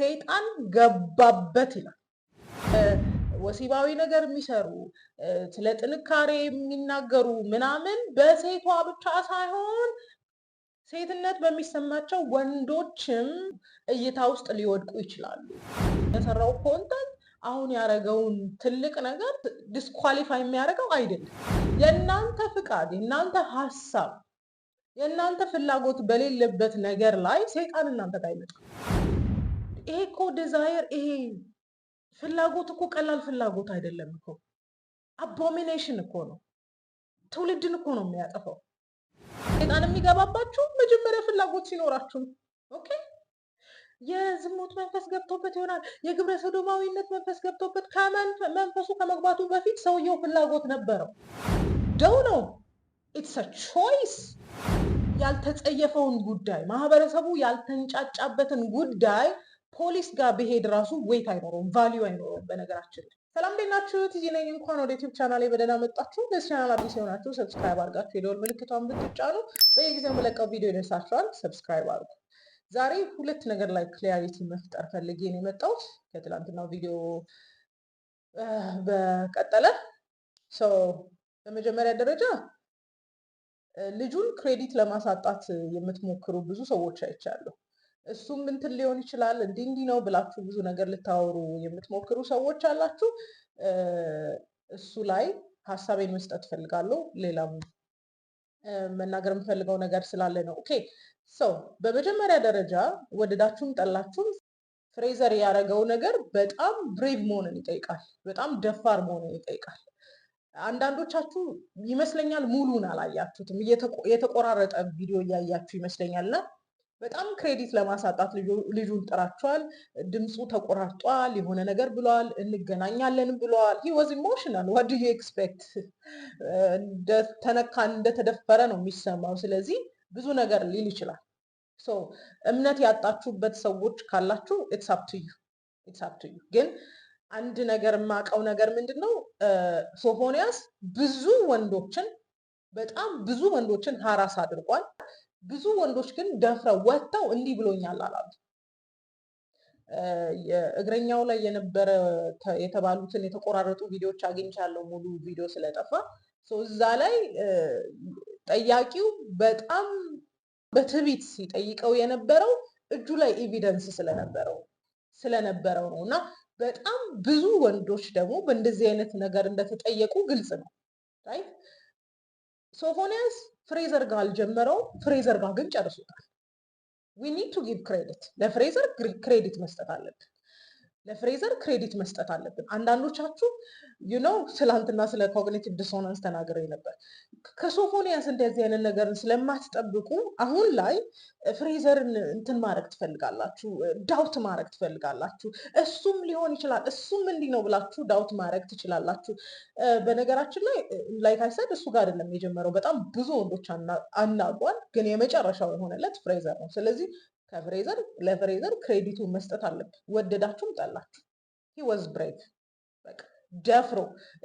ሰይጣን ገባበት ይላል። ወሲባዊ ነገር የሚሰሩ ስለ ጥንካሬ የሚናገሩ ምናምን በሴቷ ብቻ ሳይሆን ሴትነት በሚሰማቸው ወንዶችም እይታ ውስጥ ሊወድቁ ይችላሉ። የሰራው ኮንተንት አሁን ያደረገውን ትልቅ ነገር ዲስኳሊፋይ የሚያደርገው አይደለም። የእናንተ ፍቃድ፣ የእናንተ ሀሳብ፣ የእናንተ ፍላጎት በሌለበት ነገር ላይ ሴጣን እናንተ ጋር ይመጣል። ይሄ እኮ ዲዛይር ይሄ ፍላጎት እኮ ቀላል ፍላጎት አይደለም እኮ አቦሚኔሽን እኮ ነው። ትውልድን እኮ ነው የሚያጠፋው። ሴጣን የሚገባባችሁ መጀመሪያ ፍላጎት ሲኖራችሁ። ኦኬ የዝሙት መንፈስ ገብቶበት ይሆናል። የግብረ ሰዶማዊነት መንፈስ ገብቶበት መንፈሱ ከመግባቱ በፊት ሰውየው ፍላጎት ነበረው። ደው ነው ኢትስ ቾይስ። ያልተጸየፈውን ጉዳይ ማህበረሰቡ ያልተንጫጫበትን ጉዳይ ፖሊስ ጋር ብሄድ ራሱ ዌት አይኖረውም፣ ቫሊዩ አይኖረውም። በነገራችን ላይ ሰላም እንዴት ናችሁ? ነኝ። እንኳን ወደ ዩቲብ ቻናል ላይ በደህና መጣችሁ። ለዚህ ቻናል አዲስ የሆናችሁ ሰብስክራይብ አድርጋችሁ የደወል ምልክቷን ብትጫኑ በየጊዜው የምለቀው ቪዲዮ ይደርሳችኋል። ሰብስክራይብ አድርጉ። ዛሬ ሁለት ነገር ላይ ክሊያሪቲ መፍጠር ፈልጌ ነው የመጣሁት ከትላንትናው ቪዲዮ በቀጠለ በመጀመሪያ ደረጃ ልጁን ክሬዲት ለማሳጣት የምትሞክሩ ብዙ ሰዎች አይቻለሁ። እሱም እንትን ሊሆን ይችላል እንዲህ እንዲህ ነው ብላችሁ ብዙ ነገር ልታወሩ የምትሞክሩ ሰዎች አላችሁ። እሱ ላይ ሀሳቤን መስጠት እፈልጋለሁ። ሌላም መናገር የምፈልገው ነገር ስላለ ነው። ኦኬ ሰው በመጀመሪያ ደረጃ ወደዳችሁም ጠላችሁም ፍሬዘር ያደረገው ነገር በጣም ብሬቭ መሆንን ይጠይቃል። በጣም ደፋር መሆንን ይጠይቃል። አንዳንዶቻችሁ ይመስለኛል ሙሉን አላያችሁትም፣ የተቆራረጠ ቪዲዮ እያያችሁ ይመስለኛል በጣም ክሬዲት ለማሳጣት ልጁን ጥራቸዋል። ድምፁ ተቆራርጧል። የሆነ ነገር ብለዋል። እንገናኛለን ብለዋል። ሂ ኢሞሽናል ዋት ዱ ዩ ኤክስፔክት። እንደተነካ እንደተደፈረ ነው የሚሰማው። ስለዚህ ብዙ ነገር ሊል ይችላል። ሶ እምነት ያጣችሁበት ሰዎች ካላችሁ ኢትስ አፕ ቱ ዩ ኢትስ አፕ ቱ ዩ። ግን አንድ ነገር የማውቀው ነገር ምንድን ነው ሶፎንያስ ብዙ ወንዶችን በጣም ብዙ ወንዶችን ሀራስ አድርጓል። ብዙ ወንዶች ግን ደፍረው ወጥተው እንዲህ ብሎኛል አላሉ። እግረኛው ላይ የነበረ የተባሉትን የተቆራረጡ ቪዲዮዎች አግኝቻለሁ። ሙሉ ቪዲዮ ስለጠፋ እዛ ላይ ጠያቂው በጣም በትዕቢት ሲጠይቀው የነበረው እጁ ላይ ኤቪደንስ ስለነበረው ስለነበረው ነው እና በጣም ብዙ ወንዶች ደግሞ በእንደዚህ አይነት ነገር እንደተጠየቁ ግልጽ ነው። ሶፎንያስ ፍሬዘር ጋር አልጀመረው ፍሬዘር ጋር ግን ጨርሶታል። ዊ ኒድ ቱ ጊቭ ክሬዲት። ለፍሬዘር ክሬዲት መስጠት አለብን። ለፍሬዘር ክሬዲት መስጠት አለብን። አንዳንዶቻችሁ ዩ ነው ትላንትና ስለ ኮግኒቲቭ ዲሶናንስ ተናግሬ ነበር። ከሶፎንያስ እንደዚህ አይነት ነገርን ስለማትጠብቁ አሁን ላይ ፍሬዘርን እንትን ማድረግ ትፈልጋላችሁ፣ ዳውት ማድረግ ትፈልጋላችሁ። እሱም ሊሆን ይችላል እሱም እንዲህ ነው ብላችሁ ዳውት ማድረግ ትችላላችሁ። በነገራችን ላይ ላይክ አይሰድ እሱ ጋር አይደለም የጀመረው። በጣም ብዙ ወንዶች አናጓል፣ ግን የመጨረሻው የሆነለት ፍሬዘር ነው። ስለዚህ ከፍሬዘር ለፍሬዘር ክሬዲቱ መስጠት አለብ ወደዳችሁም ጠላችሁ፣ ሂ ወዝ ብሬቭ ደፍሮ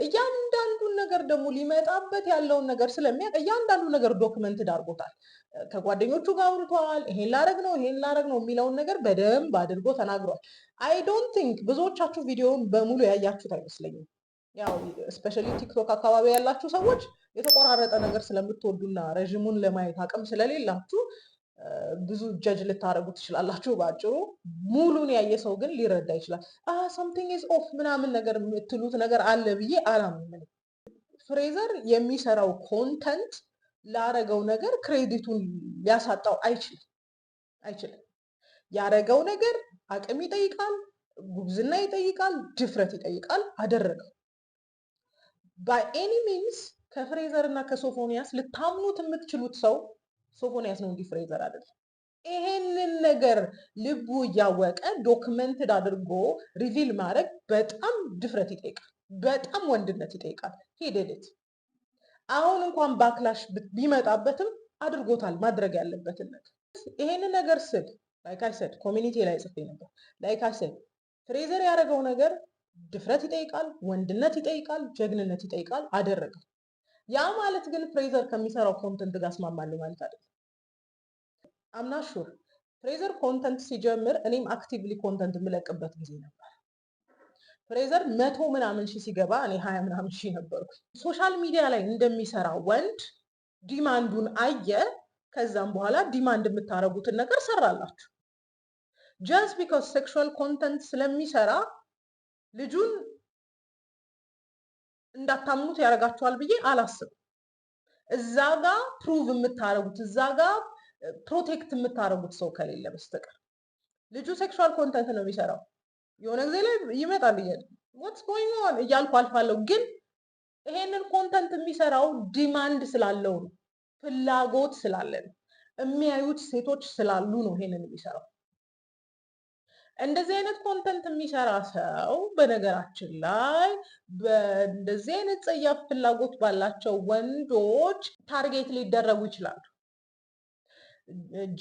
እያንዳንዱን ነገር ደግሞ ሊመጣበት ያለውን ነገር ስለሚያውቅ እያንዳንዱ ነገር ዶክመንት ዳርጎታል። ከጓደኞቹ ጋር አውርተዋል። ይሄን ላረግ ነው ይሄን ላረግ ነው የሚለውን ነገር በደንብ አድርጎ ተናግሯል። አይ ዶንት ቲንክ ብዙዎቻችሁ ቪዲዮውን በሙሉ ያያችሁት አይመስለኝም። ያው ስፔሻሊ ቲክቶክ አካባቢ ያላችሁ ሰዎች የተቆራረጠ ነገር ስለምትወዱና ረዥሙን ለማየት አቅም ስለሌላችሁ ብዙ ጀጅ ልታደረጉ ትችላላችሁ። በአጭሩ ሙሉን ያየ ሰው ግን ሊረዳ ይችላል። ሳምቲንግ ኢዝ ኦፍ ምናምን ነገር የምትሉት ነገር አለ ብዬ አላምንም። ፍሬዘር የሚሰራው ኮንተንት ላረገው ነገር ክሬዲቱን ሊያሳጣው አይችልም አይችልም። ያረገው ነገር አቅም ይጠይቃል፣ ጉብዝና ይጠይቃል፣ ድፍረት ይጠይቃል። አደረገው ባይ ኤኒ ሚንስ ከፍሬዘር እና ከሶፎንያስ ልታምኑት የምትችሉት ሰው ሶፎንያስ ነው እንጂ ፍሬዘር አይደለም። ይሄንን ነገር ልቡ እያወቀ ዶክመንትድ አድርጎ ሪቪል ማድረግ በጣም ድፍረት ይጠይቃል፣ በጣም ወንድነት ይጠይቃል። ሄደልት አሁን እንኳን ባክላሽ ቢመጣበትም አድርጎታል ማድረግ ያለበትን ነገር። ይሄንን ነገር ስል ላይክ አይ ሰድ ኮሚኒቲ ላይ ጽፌ ነበር። ላይክ አይ ሰድ ፍሬዘር ያደረገው ነገር ድፍረት ይጠይቃል፣ ወንድነት ይጠይቃል፣ ጀግንነት ይጠይቃል። አደረገው ያ ማለት ግን ፍሬዘር ከሚሰራው ኮንተንት ጋር እስማማለሁ ማለት አይደለም። አምናሹር ፍሬዘር ኮንተንት ሲጀምር እኔም አክቲቭሊ ኮንተንት የምለቅበት ጊዜ ነበር። ፍሬዘር መቶ ምናምን ሺ ሲገባ እኔ ሀያ ምናምን ሺ ነበርኩ። ሶሻል ሚዲያ ላይ እንደሚሰራ ወንድ ዲማንዱን አየ። ከዛም በኋላ ዲማንድ የምታደርጉትን ነገር ሰራላችሁ። ጀስት ቢካስ ሴክሹዋል ኮንተንት ስለሚሰራ ልጁን እንዳታምኑት ያደርጋችኋል ብዬ አላስብም። እዛ ጋ ፕሩቭ የምታደርጉት እዛ ጋ ፕሮቴክት የምታደርጉት ሰው ከሌለ በስተቀር ልጁ ሴክሹዋል ኮንተንት ነው የሚሰራው። የሆነ ጊዜ ላይ ይመጣል ወትስ ጎይንግ ኦን እያልኩ አልፋለሁ። ግን ይሄንን ኮንተንት የሚሰራው ዲማንድ ስላለው ነው፣ ፍላጎት ስላለ ነው፣ የሚያዩት ሴቶች ስላሉ ነው ይሄንን የሚሰራው። እንደዚህ አይነት ኮንተንት የሚሰራ ሰው በነገራችን ላይ እንደዚህ አይነት ጸያፍ ፍላጎት ባላቸው ወንዶች ታርጌት ሊደረጉ ይችላሉ።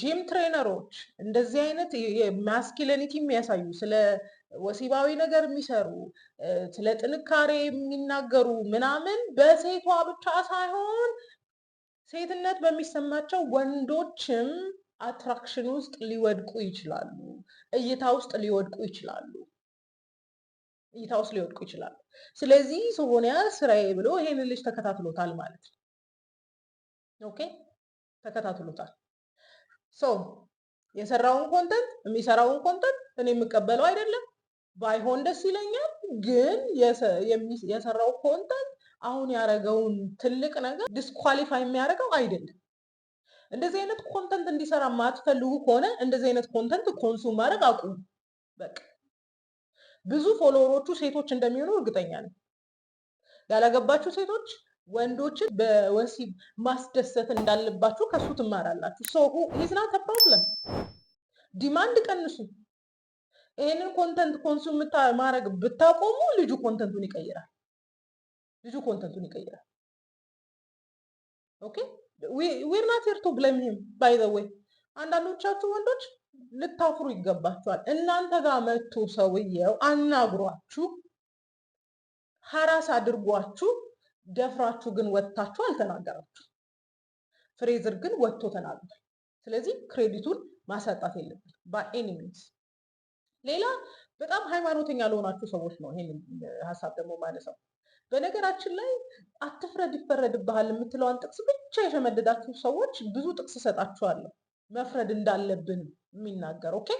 ጂም ትሬነሮች፣ እንደዚህ አይነት ማስኪለኒቲ የሚያሳዩ ስለ ወሲባዊ ነገር የሚሰሩ ስለ ጥንካሬ የሚናገሩ ምናምን በሴቷ ብቻ ሳይሆን ሴትነት በሚሰማቸው ወንዶችም አትራክሽን ውስጥ ሊወድቁ ይችላሉ። እይታ ውስጥ ሊወድቁ ይችላሉ። እይታ ውስጥ ሊወድቁ ይችላሉ። ስለዚህ ሶፎንያ ስራዬ ብሎ ይሄን ልጅ ተከታትሎታል ማለት ነው። ኦኬ ተከታትሎታል። ሶ የሰራውን ኮንተንት የሚሰራውን ኮንተንት እኔ የምቀበለው አይደለም፣ ባይሆን ደስ ይለኛል። ግን የሰራው ኮንተንት አሁን ያደረገውን ትልቅ ነገር ዲስኳሊፋይ የሚያደርገው አይደለም። እንደዚህ አይነት ኮንተንት እንዲሰራ ማትፈልጉ ከሆነ እንደዚህ አይነት ኮንተንት ኮንሱም ማድረግ አቁም። በቃ ብዙ ፎሎወሮቹ ሴቶች እንደሚሆኑ እርግጠኛ ነው። ያላገባችሁ ሴቶች ወንዶችን በወሲብ ማስደሰት እንዳለባችሁ ከሱ ትማራላችሁ። ሰው ይዝና ናት ፕሮብለም። ዲማንድ ቀንሱ። ይህንን ኮንተንት ኮንሱም ማድረግ ብታቆሙ ልጁ ኮንተንቱን ይቀይራል። ልጁ ኮንተንቱን ይቀይራል። ኦኬ ዊር ናት ሄር ቱ ብለም ሂም ባይ ዘ ዌይ አንዳንዶቻችሁ ወንዶች ልታፍሩ ይገባችኋል። እናንተ ጋር መጥቶ ሰውየው አናግሯችሁ ሀራስ አድርጓችሁ ደፍራችሁ ግን ወጥታችሁ አልተናገራችሁ። ፍሬዝር ግን ወጥቶ ተናግሯል። ስለዚህ ክሬዲቱን ማሳጣት የለብን ባይ ሚንስ። ሌላ በጣም ሃይማኖተኛ ለሆናችሁ ሰዎች ነው ይሄን ሀሳብ ደግሞ ማነሳው። በነገራችን ላይ አትፍረድ ይፈረድብሃል የምትለዋን ጥቅስ ብቻ የሸመደዳችሁ ሰዎች ብዙ ጥቅስ እሰጣችኋለሁ መፍረድ እንዳለብን የሚናገር ኦኬ።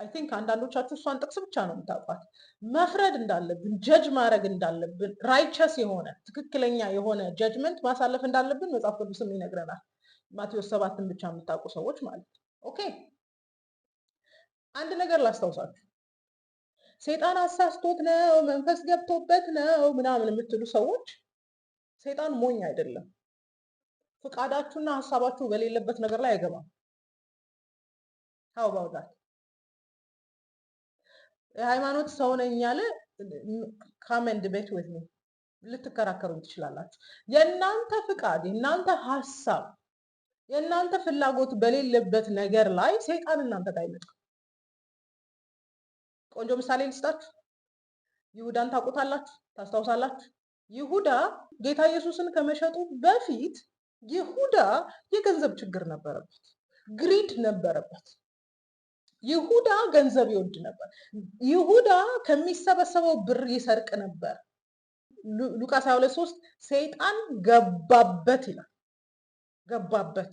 አይ ቲንክ አንዳንዶቻችሁ እሷን ጥቅስ ብቻ ነው የምታውቋት። መፍረድ እንዳለብን ጀጅ ማድረግ እንዳለብን ራይቸስ የሆነ ትክክለኛ የሆነ ጀጅመንት ማሳለፍ እንዳለብን መጽሐፍ ቅዱስም ይነግረናል። ማቴዎስ ሰባትን ብቻ የምታውቁ ሰዎች ማለት ኦኬ አንድ ነገር ላስታውሳችሁ ሴጣን አሳስቶት ነው፣ መንፈስ ገብቶበት ነው ምናምን የምትሉ ሰዎች ሴጣን ሞኝ አይደለም። ፈቃዳችሁና ሀሳባችሁ በሌለበት ነገር ላይ አይገባም። ታውባውዛት የሃይማኖት ሰው ነኝ ካመንድ ቤት ወይ ልትከራከሩ ትችላላችሁ። የእናንተ ፍቃድ፣ የእናንተ ሀሳብ፣ የእናንተ ፍላጎት በሌለበት ነገር ላይ ሴጣን እናንተ ጋር አይመጣም። ቆንጆ ምሳሌ ልስጣችሁ። ይሁዳን ታውቁታላችሁ፣ ታስታውሳላችሁ። ይሁዳ ጌታ ኢየሱስን ከመሸጡ በፊት ይሁዳ የገንዘብ ችግር ነበረበት፣ ግሪድ ነበረበት። ይሁዳ ገንዘብ ይወድ ነበር። ይሁዳ ከሚሰበሰበው ብር ይሰርቅ ነበር። ሉቃስ 22 ሰይጣን ገባበት ይላል ገባበት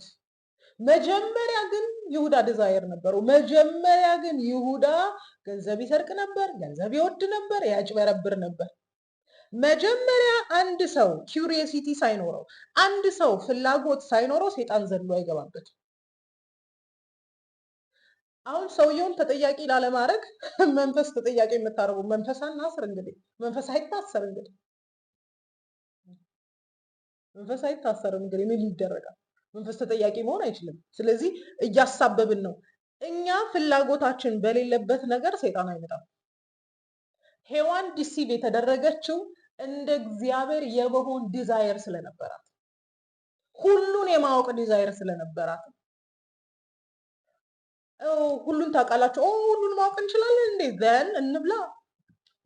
መጀመሪያ ግን ይሁዳ ዲዛየር ነበረው። መጀመሪያ ግን ይሁዳ ገንዘብ ይሰርቅ ነበር፣ ገንዘብ ይወድ ነበር፣ ያጭበረብር ነበር። መጀመሪያ አንድ ሰው ኪዩሪየሲቲ ሳይኖረው አንድ ሰው ፍላጎት ሳይኖረው ሴጣን ዘሎ አይገባበትም። አሁን ሰውየውን ተጠያቂ ላለማድረግ መንፈስ ተጠያቂ የምታደርጉ መንፈስ አናስር እንግዲህ መንፈስ አይታሰር እንግዲህ መንፈስ አይታሰርም እንግዲህ ምን ይደረጋል? መንፈስ ተጠያቂ መሆን አይችልም። ስለዚህ እያሳበብን ነው። እኛ ፍላጎታችን በሌለበት ነገር ሰይጣን አይመጣም። ሄዋን ዲሲቭ የተደረገችው እንደ እግዚአብሔር የመሆን ዲዛይር ስለነበራት፣ ሁሉን የማወቅ ዲዛይር ስለነበራት ሁሉን ታውቃላችሁ፣ ሁሉን ማወቅ እንችላለን እንዴ ዘን እንብላ።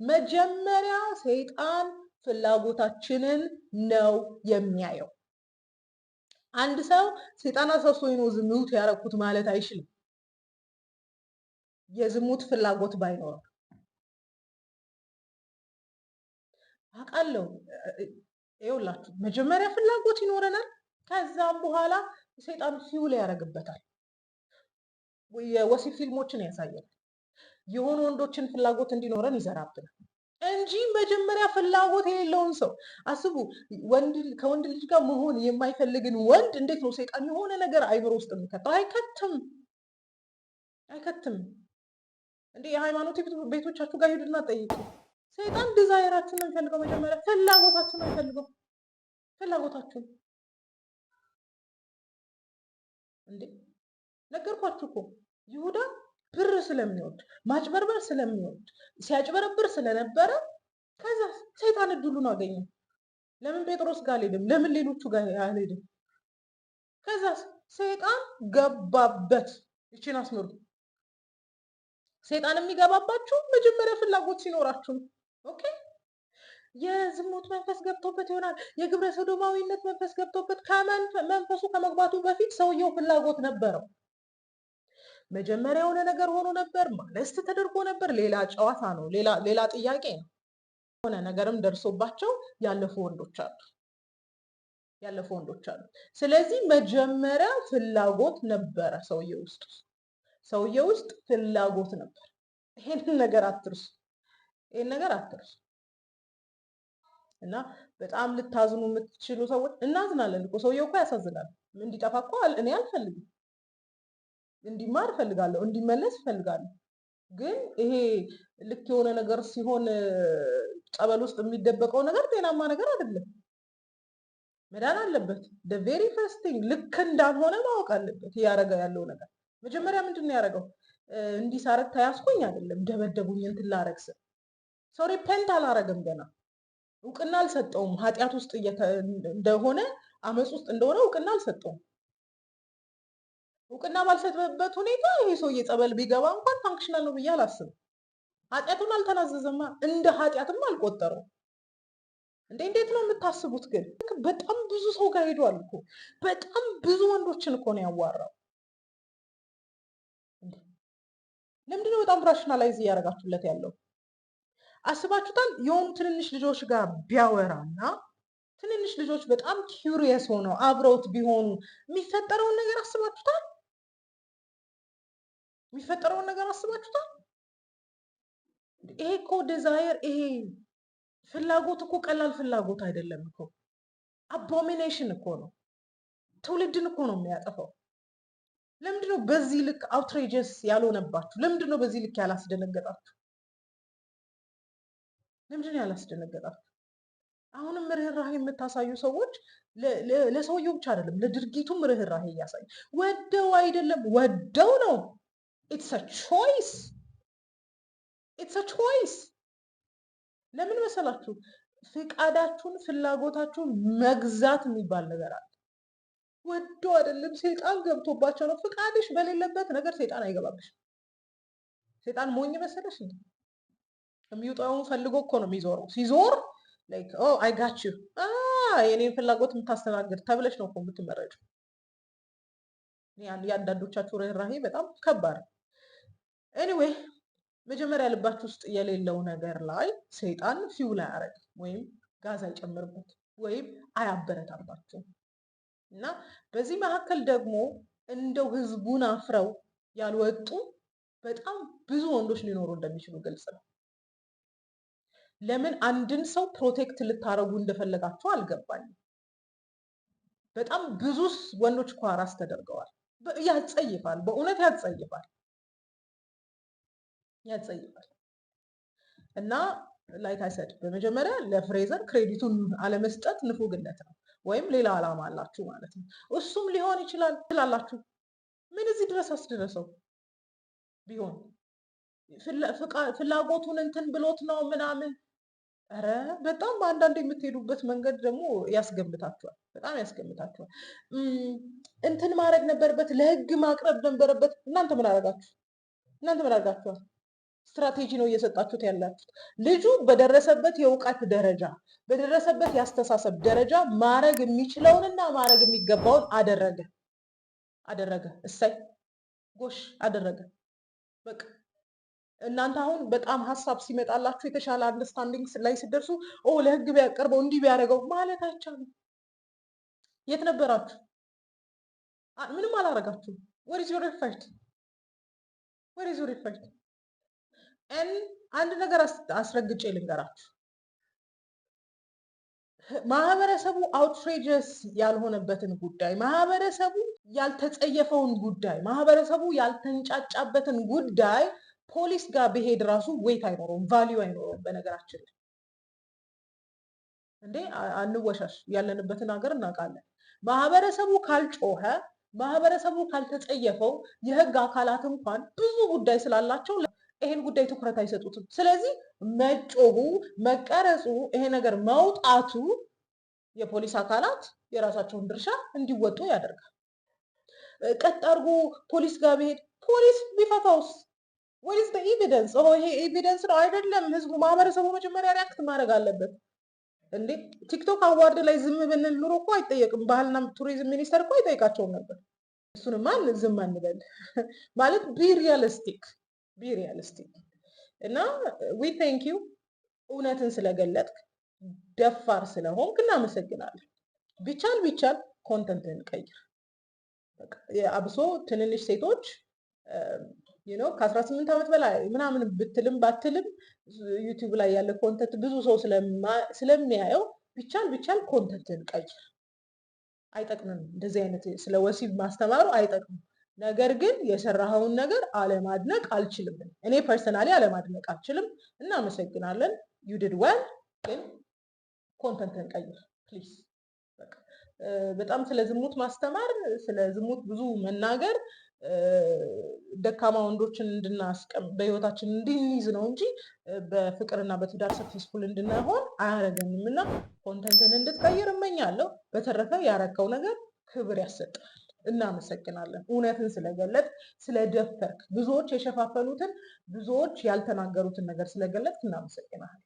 መጀመሪያ ሰይጣን ፍላጎታችንን ነው የሚያየው። አንድ ሰው ሰይጣን አሳስቶኝ ነው ዝሙት ያረኩት ማለት አይችልም። የዝሙት ፍላጎት ባይኖረው አውቃለሁ። ይኸውላችሁ መጀመሪያ ፍላጎት ይኖረናል። ከዛም በኋላ ሰይጣን ፊውል ያደርግበታል። የወሲብ ፊልሞችን ያሳያል። የሆኑ ወንዶችን ፍላጎት እንዲኖረን ይዘራብናል። እንጂ መጀመሪያ ፍላጎት የሌለውን ሰው አስቡ። ከወንድ ልጅ ጋር መሆን የማይፈልግን ወንድ እንዴት ነው ሰይጣን የሆነ ነገር አይምሮ ውስጥ የሚከተው? አይከትም አይከትም። እንደ የሃይማኖት ቤቶቻችሁ ጋር ሄዱና ጠይቁ። ሰይጣን ዲዛይራችሁን ነው የሚፈልገው፣ መጀመሪያ ፍላጎታችሁን ነው የሚፈልገው። ፍላጎታችሁን እንዴ ነገርኳችሁ እኮ ይሁዳ ብር ስለሚወድ ማጭበርበር ስለሚወድ ሲያጭበረብር ስለነበረ ከዛ ሰይጣን እድሉን አገኘ። ለምን ጴጥሮስ ጋር አልሄድም? ለምን ሌሎቹ ጋር አልሄድም? ከዛ ሰይጣን ገባበት። ይችን አስምሩ። ሰይጣን የሚገባባችሁ መጀመሪያ ፍላጎት ሲኖራችሁ ኦኬ። የዝሙት መንፈስ ገብቶበት ይሆናል። የግብረ ሰዶማዊነት መንፈስ ገብቶበት ከመንፈሱ ከመግባቱ በፊት ሰውየው ፍላጎት ነበረው። መጀመሪያ የሆነ ነገር ሆኖ ነበር፣ ማለስት ተደርጎ ነበር፣ ሌላ ጨዋታ ነው፣ ሌላ ጥያቄ ነው። የሆነ ነገርም ደርሶባቸው ያለፉ ወንዶች አሉ ያለፉ ወንዶች አሉ። ስለዚህ መጀመሪያ ፍላጎት ነበረ ሰውዬ ውስጥ ሰውዬ ውስጥ ፍላጎት ነበር። ይሄንን ነገር አትርሱ፣ ይሄን ነገር አትርሱ። እና በጣም ልታዝኑ የምትችሉ ሰዎች እናዝናለን እኮ ሰውየው እኮ ያሳዝናል። እንዲጠፋ እኮ እኔ አልፈልግም። እንዲማር እፈልጋለሁ፣ እንዲመለስ እፈልጋለሁ። ግን ይሄ ልክ የሆነ ነገር ሲሆን ጸበል ውስጥ የሚደበቀው ነገር ጤናማ ነገር አይደለም። መዳን አለበት። ቬሪ ፈስቲንግ ልክ እንዳልሆነ ማወቅ አለበት። እያደረገ ያለው ነገር መጀመሪያ ምንድን ነው ያደረገው? እንዲህ ሳረግ ተያዝኩኝ አይደለም፣ ደበደቡኝ እንትን ላረግ ስል ሰው ሪፐንት አላረገም። ገና እውቅና አልሰጠውም። ኃጢአት ውስጥ እንደሆነ አመፅ ውስጥ እንደሆነ እውቅና አልሰጠውም። እውቅና ባልሰጥበት ሁኔታ ይሄ ሰው እየጸበል ቢገባ እንኳን ፋንክሽናል ነው ብዬ አላስብም። ኃጢአቱን አልተናዘዘማ፣ እንደ ኃጢአትም አልቆጠረው። እንዴ እንዴት ነው የምታስቡት? ግን በጣም ብዙ ሰው ጋር ሄዷል እኮ በጣም ብዙ ወንዶችን እኮ ነው ያዋራው። ለምንድነው በጣም ራሽናላይዝ እያደረጋችሁለት ያለው? አስባችሁታል? የሆኑ ትንንሽ ልጆች ጋር ቢያወራና ትንንሽ ልጆች በጣም ኪውሪየስ ሆነው አብረውት ቢሆኑ የሚፈጠረውን ነገር አስባችሁታል? የሚፈጠረውን ነገር አስባችሁታል? ይሄ እኮ ዲዛይር ይሄ ፍላጎት እኮ ቀላል ፍላጎት አይደለም እኮ አቦሚኔሽን እኮ ነው። ትውልድን እኮ ነው የሚያጠፋው። ለምንድን ነው በዚህ ልክ አውትሬጀስ ያልሆነባችሁ? ለምንድን ነው በዚህ ልክ ያላስደነገጣችሁ? ለምንድን ነው ያላስደነገጣችሁ? አሁንም ርኅራሄ የምታሳዩ ሰዎች ለሰውየው ብቻ አይደለም ለድርጊቱም ርኅራሄ እያሳዩ ወደው አይደለም ወደው ነው ኢትስ አ ቾይስ ኢትስ አ ቾይስ። ለምን መሰላችሁ? ፍቃዳችሁን ፍላጎታችሁን መግዛት የሚባል ነገር አለ። ወዶ አይደለም ሴጣን ገብቶባቸው ነው። ፍቃድሽ በሌለበት ነገር ሴጣን አይገባብሽ። ሴጣን ሞኝ መሰለሽ? የሚውጠውን ፈልጎ እኮ ነው የሚዞረው። ሲዞር oh, አይጋችሁ የኔን ፍላጎት የምታስተናግድ ተብለሽ ነው እኮ የምትመረጭው። የአንዳንዶቻችሁ ርኅራሄ በጣም ከባድ ነው። ኤኒዌይ መጀመሪያ ልባችሁ ውስጥ የሌለው ነገር ላይ ሰይጣን ፊውል አያረግ ወይም ጋዝ አይጨምርበት ወይም አያበረታባችሁ እና በዚህ መካከል ደግሞ እንደው ህዝቡን አፍረው ያልወጡ በጣም ብዙ ወንዶች ሊኖሩ እንደሚችሉ ግልጽ ነው። ለምን አንድን ሰው ፕሮቴክት ልታረጉ እንደፈለጋችሁ አልገባኝም። በጣም ብዙ ወንዶች እኮ አራስ ተደርገዋል። ያጸይፋል። በእውነት ያጸይፋል ያጸይፋል። እና ላይክ አይሰድ በመጀመሪያ ለፍሬዘር ክሬዲቱን አለመስጠት ንፉግነት ነው፣ ወይም ሌላ ዓላማ አላችሁ ማለት ነው። እሱም ሊሆን ይችላል ትላላችሁ። ምን እዚህ ድረስ አስደረሰው ቢሆን ፍላጎቱን እንትን ብሎት ነው ምናምን ኧረ በጣም በአንዳንድ የምትሄዱበት መንገድ ደግሞ ያስገምታችኋል በጣም ያስገምታችኋል። እንትን ማድረግ ነበረበት ለህግ ማቅረብ ነበረበት። እናንተ ምን አደርጋችሁ እናንተ ምን አደርጋችኋል? ስትራቴጂ ነው እየሰጣችሁት ያላችሁት። ልጁ በደረሰበት የእውቀት ደረጃ በደረሰበት የአስተሳሰብ ደረጃ ማድረግ የሚችለውንና ማድረግ የሚገባውን አደረገ አደረገ እሰይ ጎሽ አደረገ በቃ እናንተ አሁን በጣም ሀሳብ ሲመጣላችሁ የተሻለ አንደርስታንዲንግ ላይ ስደርሱ ኦ ለህግ ቢያቀርበው እንዲህ ቢያደርገው ማለት አይቻልም። የት ነበራችሁ? ምንም አላረጋችሁም። ወሪዝ ዩር ኤፈርት ወሪዝ ዩር ኤፈርት። አንድ ነገር አስረግጬ ልንገራችሁ፣ ማህበረሰቡ አውትሬጀስ ያልሆነበትን ጉዳይ ማህበረሰቡ ያልተጸየፈውን ጉዳይ ማህበረሰቡ ያልተንጫጫበትን ጉዳይ ፖሊስ ጋር ብሄድ ራሱ ዌት አይኖረውም፣ ቫሊዩ አይኖረውም። በነገራችን ላይ እንዴ አንወሻሽ፣ ያለንበትን ሀገር እናውቃለን። ማህበረሰቡ ካልጮኸ፣ ማህበረሰቡ ካልተጸየፈው የህግ አካላት እንኳን ብዙ ጉዳይ ስላላቸው ይሄን ጉዳይ ትኩረት አይሰጡትም። ስለዚህ መጮሁ፣ መቀረጹ፣ ይሄ ነገር መውጣቱ የፖሊስ አካላት የራሳቸውን ድርሻ እንዲወጡ ያደርጋል። ቀጥ አድርጎ ፖሊስ ጋር ብሄድ ፖሊስ ቢፈታውስ ወይስ በኤቪደንስ ኦ ይሄ ኤቪደንስ ነው አይደለም። ህዝቡ ማህበረሰቡ መጀመሪያ ሪያክት ማድረግ አለበት። እንዴ ቲክቶክ አዋርድ ላይ ዝም ብንል ኑሮ እኮ አይጠየቅም። ባህልና ቱሪዝም ሚኒስቴር እኮ አይጠይቃቸውም ነበር። እሱንማ ዝም አንበል ማለት ቢ ሪያሊስቲክ እና ዊ ቴንክ ዩ እውነትን ስለገለጥክ ደፋር ስለሆንክ እናመሰግናለን። ቢቻል ቢቻል ኮንተንትን ቀይር። አብሶ ትንንሽ ሴቶች ነው ከ18 ዓመት በላይ ምናምን ብትልም ባትልም ዩቲዩብ ላይ ያለ ኮንተንት ብዙ ሰው ስለሚያየው ቢቻል ቢቻል ኮንተንትን ቀይር። አይጠቅምም፣ እንደዚህ አይነት ስለ ወሲብ ማስተማሩ አይጠቅምም። ነገር ግን የሰራኸውን ነገር አለማድነቅ አልችልም። እኔ ፐርሰናሊ አለማድነቅ አልችልም። እናመሰግናለን፣ ዩድድ ወል ግን ኮንተንትን ቀይር ፕሊዝ። በጣም ስለ ዝሙት ማስተማር፣ ስለ ዝሙት ብዙ መናገር ደካማ ወንዶችን እንድናስቀም በህይወታችን እንድንይዝ ነው እንጂ በፍቅርና በትዳር ሰክሰስፉል እንድናሆን አያደርገንም። እና ኮንተንትን እንድትቀይር እመኛለሁ። በተረፈ ያረከው ነገር ክብር ያሰጣል። እናመሰግናለን፣ እውነትን ስለገለጥ ስለደፈርክ፣ ብዙዎች የሸፋፈኑትን ብዙዎች ያልተናገሩትን ነገር ስለገለጥ እናመሰግናለን።